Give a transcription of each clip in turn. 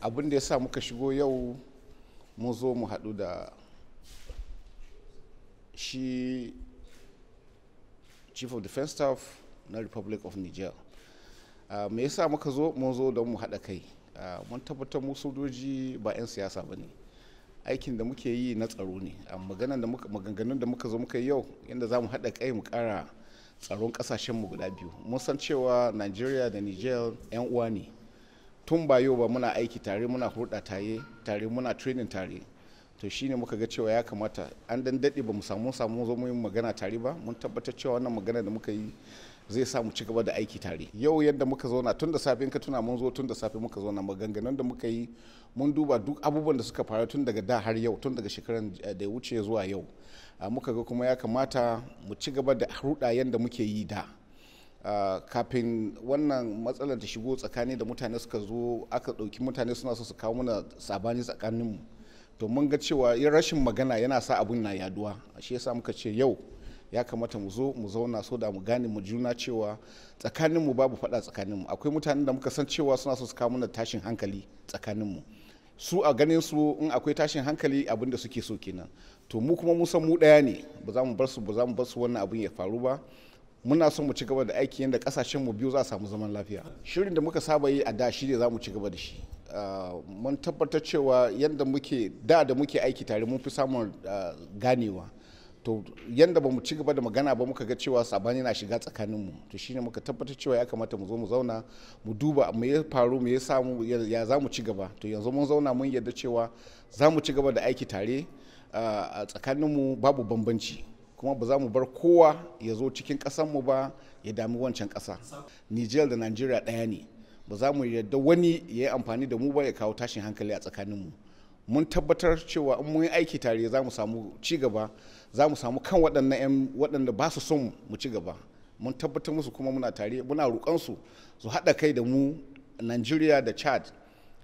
abin da ya sa muka shigo yau mu zo mu haɗu da shi chief of defense staff na republic of niger ah, me ya sa muka zo mun zo don mu haɗa kai ah, mun tabbatar mu sojoji ba 'yan siyasa ba ne aikin da muke yi na tsaro ne ah, maganganun da muka zo muka yi yau inda za mu haɗa kai mu kara tsaron mu guda biyu mun san cewa nigeria da niger 'yan uwa ne tun ba yau ba muna aiki tare muna hulɗa tare tare muna training tare to shine muka ga cewa ya kamata an dan daɗe ba mu samu samu zo mu yi magana tare ba mun tabbatar cewa wannan magana da muka yi zai sa mu ci gaba da aiki tare yau yadda muka zauna tun da safe in ka tuna mun zo tun da safe muka zauna maganganun da muka yi mun duba duk abubuwan da suka faru tun daga da har yau tun daga shekaran eh, da ya wuce zuwa yau ah, muka ga kuma ya kamata mu ci gaba da hulɗa yadda muke yi da kafin wannan matsalar ta shigo tsakani da mutane suka zo aka ɗauki mutane suna so su kawo mana sabani tsakaninmu to mun ga cewa yin rashin magana yana sa abun na yaduwa shi yasa muka ce yau ya kamata mu zo mu zauna so da mu gane mu juna cewa tsakaninmu babu faɗa tsakaninmu akwai mutanen da muka san cewa suna so su kawo mana tashin hankali tsakaninmu su a ganin su in akwai tashin hankali abin da suke so kenan to mu kuma mu san mu ɗaya ne ba za mu bar su ba za mu bar su wannan abin ya faru ba muna son mu ci gaba da aiki yadda kasashen mu biyu za a samu zaman lafiya shirin da muka saba yi a da shi ne za mu ci gaba da shi ah, mun tabbatar cewa yadda muke da da muke aiki tare mun fi samun ah, ganewa to yadda ba mu ci gaba da magana ba muka ga cewa sabani na shiga tsakanin mu to shine muka tabbatar cewa ya kamata mu zo mu zauna mu duba mu ya faru mu ya samu ya za mu ci gaba to yanzu mun zauna mun yadda cewa za mu ci gaba da aiki tare ah, a mu babu bambanci kuma ba za mu bar kowa ya zo cikin mu ba ya dami wancan ƙasa niger da Najeriya ɗaya ne ba za mu yarda wani ya yi amfani da mu ba ya kawo tashin hankali a tsakaninmu mun tabbatar cewa in mun yi aiki tare za mu samu ci gaba za mu samu kan waɗannan 'yan waɗanda ba su son mu ci gaba mun tabbatar musu kuma muna tare muna roƙonsu su haɗa kai da mu Najeriya da chad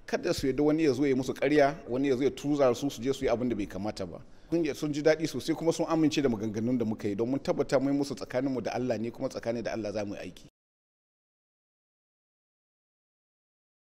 kada su yadda wani ya zo ya musu karya wani ya zo ya tuza su su je su yi abin da bai kamata ba sun ji daɗi sosai kuma sun amince da maganganun da muka yi don mun tabbata mun musu tsakaninmu da Allah ne kuma tsakanin da Allah za mu yi aiki